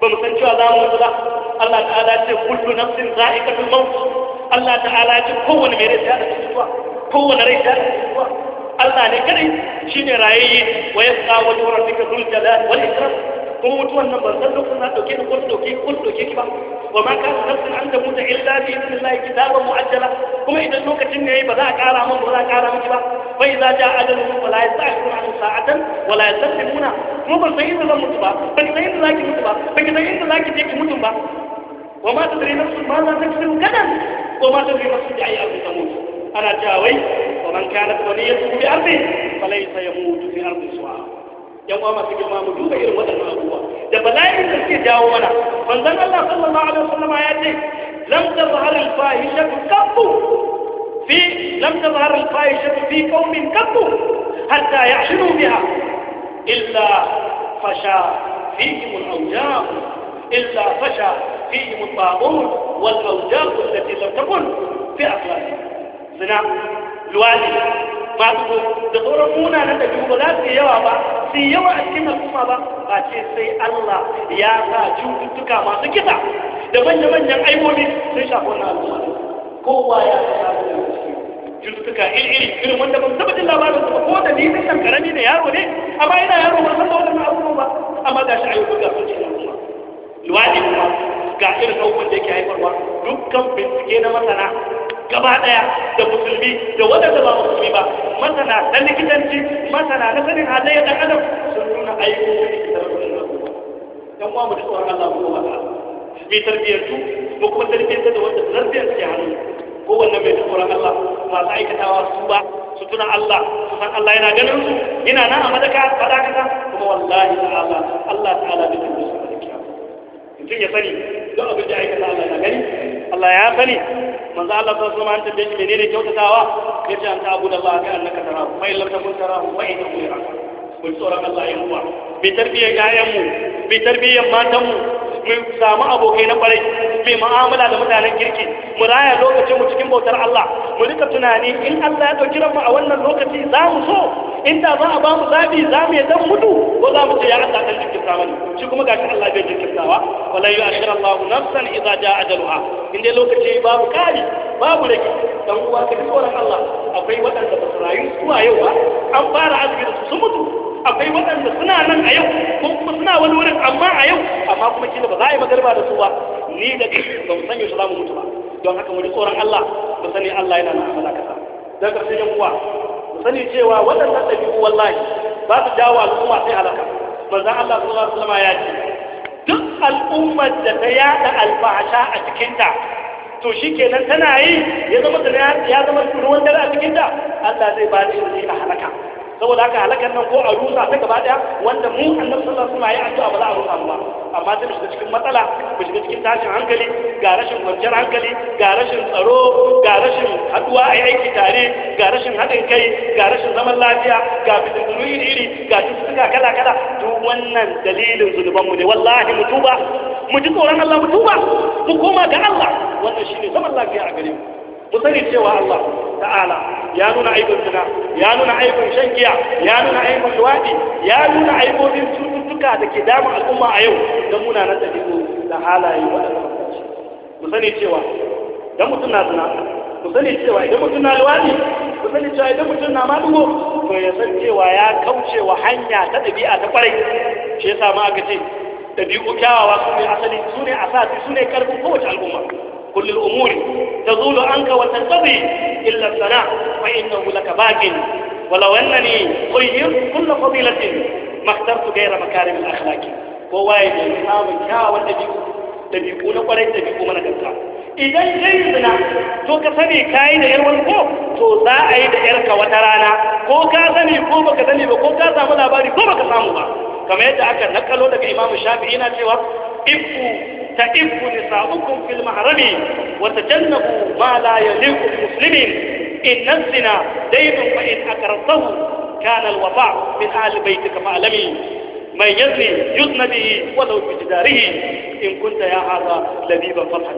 ba mu san cewa za mu mutu ba Allah ta'ala ce kullu nafsin za'iqatul maut Allah ta'ala ce kowanne mai rai ta da mutuwa kowanne rai ta da mutuwa Allah ne kadai shine rayayye wa yasqa wa yurafika dhul jalal wal ikram ko mutuwan nan ban san lokacin na dauke ni ko dauke ko dauke ki ba wa ma kana nafsin an ta muta illa bi idnillahi kitaban muajjala kuma idan lokacin ne ba za a kara mun ba za a kara miki ba fa idza jaa ajaluhum fala yasta'khiruna an sa'atan wala yastaqdimuna kuma ban san inda zan mutu ba ban san inda zaki mutu ba ban san inda zaki je ki mutu ba wa ma tadri nafsun ma za taksibu gadan wa ma tadri nafsun bi ayyi amrin tamut ana cewa wai wa man kana tawliyatu bi ardi falaysa yamutu fi ardi su'a yan uwa masu girma mu duba irin waɗannan abubuwa da bala'in da suke jawo mana manzon Allah sallallahu alaihi wasallam ya ce lam tazhar al fahishatu qattu fi lam tazhar al fahishatu fi qaumin qattu hatta ya'shinu biha illa fasha fihim al awjaa illa fasha fihim al ta'un wal awjaa allati lam takun fi aqlabihim zina luwadi masu da tsoron na ɗabi'u ba za su yi yawa ba su yi yawa a cikin al'umma ba ba ce sai Allah ya sa cututtuka masu kisa da manya-manyan aibobi sun shafi wannan al'umma kowa ya sa cututtuka iri-iri irin wanda ban taɓa jin labarin su ba ko da ni ɗan karami da yaro ne amma ina yaro ba san da wannan abubuwa ba amma gashi shi sun ce al'umma luwaɗi kuma ga irin abubuwan da ke haifarwa dukkan bincike na masana gaba daya da musulmi da waɗanda ba musulmi ba masana na likitanci masana na sanin halayyar ɗan adam sun nuna ayyukan da da dan uwa mu da tsoron Allah ko wata mai tarbiyyar su ko kuma tarbiyyar da wanda tarbiyyar ke hannu ko wanda mai tsoron Allah masu aikatawa su ba su tuna Allah su san Allah yana ganin su yana nan a madaka fada kaza kuma wallahi ta'ala Allah ta'ala da su da kiyama mutum ya sani don abin da aikata Allah na gani Allah ya sani manzo Allah ta sama an tabbaci menene kyautatawa yace an ta abuda Allah ka annaka tarahu fa illam takun tarahu wa innahu yaraka mun tsoron Allah yin uwa bi tarbiyyar ƴaƴan mu mai tarbiyyar matanmu mu samu abokai na kwarai mai mu'amala da mutanen kirki mu raya lokacin mu cikin bautar Allah mu rika tunani in Allah ya dauki ranmu a wannan lokaci za mu so in da za a ba mu zabi za mu yadda mutu ko za mu ce ya Allah kan jinkirta mana shi kuma gashi Allah bai jinkirtawa wala yu'akhir Allahu nafsan idza jaa ajaluha in dai lokaci babu kari babu rage dan uwa ka tsoron Allah akwai waɗanda ba su rayu zuwa yau ba an fara azumi da su mutu akwai waɗanda suna nan a yau ko kuma suna wani wurin amma a yau amma kuma kila ba za a yi magarba da su ba ni da kai ba mu sanya su za mu mutu ba don haka mu ji tsoron Allah mu sani Allah yana nan amala kasa don ka yan uwa mu sani cewa waɗannan ɗabi'u wallahi ba su jawo al'umma sai halaka manzon Allah sallallahu alaihi wasallam ya ce duk al'ummar da ta yada albahasha a cikinta to shi kenan tana yi ya zama da ya zama ruwan dare a cikinta, Allah zai ba da shi a halaka saboda haka halakar nan ko a rusa ta gaba daya wanda mu annabi sallallahu alaihi wasallam ya addu'a ba za a rusa ba amma ta shiga cikin matsala ku shiga cikin tashin hankali ga rashin kwanciyar hankali ga rashin tsaro ga rashin haduwa a aiki tare ga rashin haɗin kai ga rashin zaman lafiya ga fitintunu iri iri ga cututtuka kala kala duk wannan dalilin zunuban mu ne wallahi mu tuba mu ji tsoron Allah mu tuba mu koma ga Allah wannan shine zaman lafiya a gare mu ku sani cewa Allah ta'ala ya nuna aibin suna ya nuna aibin shan giya ya nuna aibin luwaɗi ya nuna aibobin cututtuka da ke damun al'umma a yau don muna na ɗabi'u da halaye waɗanda ku sani cewa idan mutum na zina ku sani cewa idan mutum na luwaɗi ku sani cewa idan mutum na maɗugo to ya san cewa ya kauce wa hanya ta ɗabi'a ta ƙwarai shi ya samu aka ce ɗabi'u kyawawa su ne asali su ne asasi su ne ƙarfin kowace al'umma كل الأمور تزول عنك وتنتظي إلا الثناء فإنه لك باق ولو أنني خيرت كل فضيلة ما اخترت غير مكارم الأخلاق ووايد الإنسان من شاء والأجيب تبيقون وليس تبيقون من أجلتها اذا جيزنا تو كسني كايد إرول كو تو زا أيد إرك وترانا كو كازني كو بكذني وكو كازا من أباري كو بكسامها كما يتعكى نكالو لك إمام الشافعين أجيوا إفو تئف نساؤكم في المحرم وتجنبوا ما لا يليق بمسلم إن الزنا دين فإن أكرمته كان الوفاء من أهل بيتك فاعلمي من يزني يزن به ولو بجداره إن كنت يا هذا لبيبا فرحا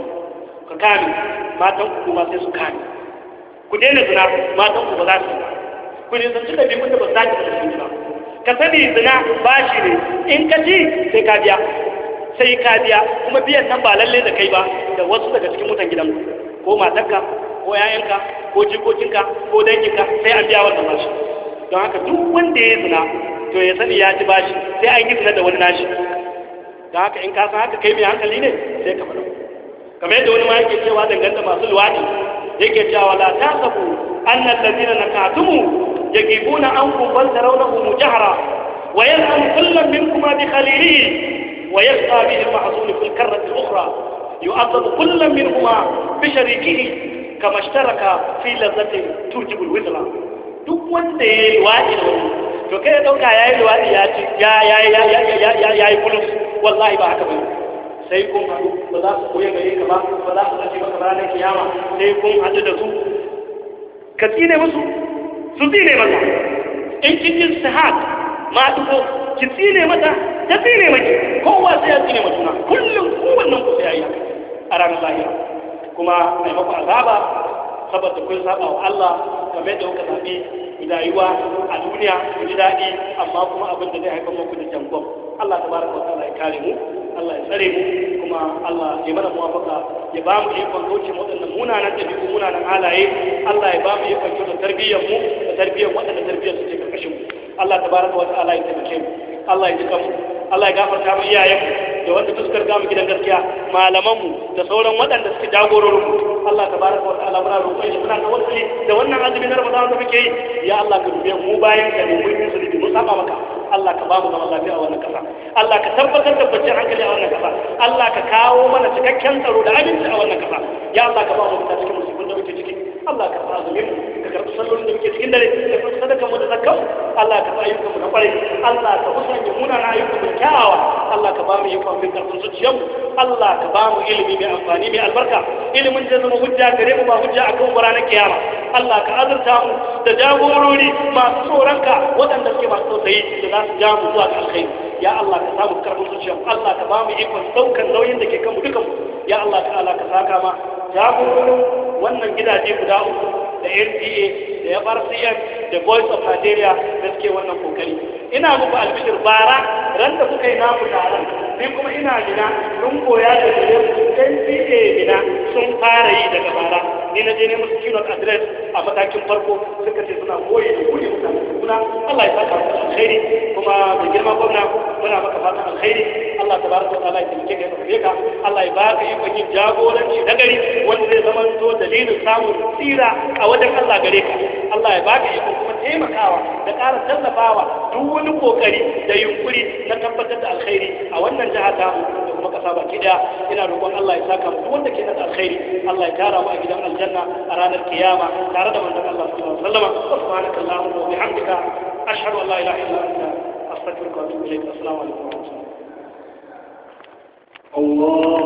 فكان ما تنقل ما تسكامي كدين زنا ما تنقل ما تسكامي كدين زنا بيكون بساجة تسكامي ka sani zina bashi ne in ka ci sai ka biya kuma biyan nan ba lalle da kai ba da wasu daga cikin mutan gidan ko matarka ko yayanka ko jikokinka ko danginka sai an biya wannan bashi don haka duk wanda ya zina to ya sani ya ci bashi sai an yi zina da wani nashi don haka in ka san haka kai mai hankali ne sai ka faɗa kamar yadda wani ma yake cewa danganta masu luwaɗi yake cewa la ta sabu na lazina na katumu ya gibuna an mujahara wa yanzu kullum min kuma bi khalili ويبقى به المعزول في الكرة الأخرى يؤذن كل منهما بشريكه كما اشترك في لذة توجب الوزرة دون دي الواجل فكي يدوك يا يا يا يا يا يا يا يا يا يا يا والله بحك بلو سيكون عدو فلا سقوية بيك با فلا سقوية بقرانة كياما سيكون عدد دو كثيرة مصر سلطينة مصر انت انت masu ko ki tsine mata ta tsine ko kowa sai ya tsine mace na kullum kowannen ku sai ya yi a ranar lahira kuma mai yi azaba saboda kun saba wa Allah game da kuka zaɓi rayuwa a duniya ku ji dadi amma kuma abin da zai haifar muku da jangon Allah ta wa ta'ala ya kare mu Allah ya tsare mu kuma Allah ya mana muwafaka ya ba mu ikon kauce waɗannan munanan ɗabi'u munanan halaye Allah ya ba mu ikon kyautar tarbiyyar mu da tarbiyyar waɗanda tarbiyyar su karkashin mu Allah ta baraka wa ta'ala ya taimake mu Allah ya jika mu Allah ya gafarta mu iyayen da wanda fuskar gamu gidan gaskiya malaman mu da sauran waɗanda suke jagororin mu Allah baraka wa ta'ala muna roƙon shi muna tawassuli da wannan azumi na Ramadan da muke yi ya Allah ka dube mu bayan ka ne mun musulmi mu saba maka Allah ka ba mu zaman lafiya a wannan kasa Allah ka tabbatar da bacci hankali a wannan kasa Allah ka kawo mana cikakken tsaro da aminci a wannan kasa ya Allah ka ba mu fita cikin musibin da muke ciki Allah ka fara azumin mu karɓi sallolin da muke cikin dare da kuma sadaka mu da zakka Allah ka sa ayyukan mu na kwarai Allah ka musanya muna na ayyukan mu kyawawa Allah ka ba mu ikon bin karfin zuciyar mu Allah ka ba mu ilimi mai amfani mai albarka ilimin zai zama hujja gare mu ba hujja akan kan ranar kiyama Allah ka azurta mu da jagorori masu tsoronka waɗanda suke masu tausayi da za su ja mu zuwa ga alkhairi ya Allah ka samu karfin zuciyar Allah ka ba mu ikon ɗaukan nauyin da ke kan mu dukan mu ya Allah ta'ala ka saka ma jagororin wannan gidaje guda uku da nta da frcm da voice of nigeria da suke wannan kokari ina muku albishir bara ran da kuka yi namu taron ni kuma ina gida sun koya da gare NCA gida sun fara yi daga bara ni na je ne musu kinon address a matakin farko suka ce suna koyi da kudi suna Allah ya saka musu alkhairi kuma mai girma gwamna muna maka fatan alkhairi Allah tabaraka wa ta'ala ya taimake ka ya ka Allah ya baka ikon yin jagoranci na gari wanda zai zama to dalilin samun tsira a wajen Allah gare ka Allah ya baka ikon kuma taimakawa da ƙara tallafawa duk wani kokari da yunkuri na tabbatar da alkhairi a wannan wannan jiha kuma kasa baki daya ina roƙon Allah ya saka mu wanda ke da alkhairi Allah ya tara mu a gidan aljanna a ranar kiyama tare da manzon Allah sallallahu alaihi wasallam subhanakallahumma wa bihamdika ashhadu an la ilaha illa anta astaghfiruka wa atubu ilaik assalamu alaikum wa rahmatullahi الله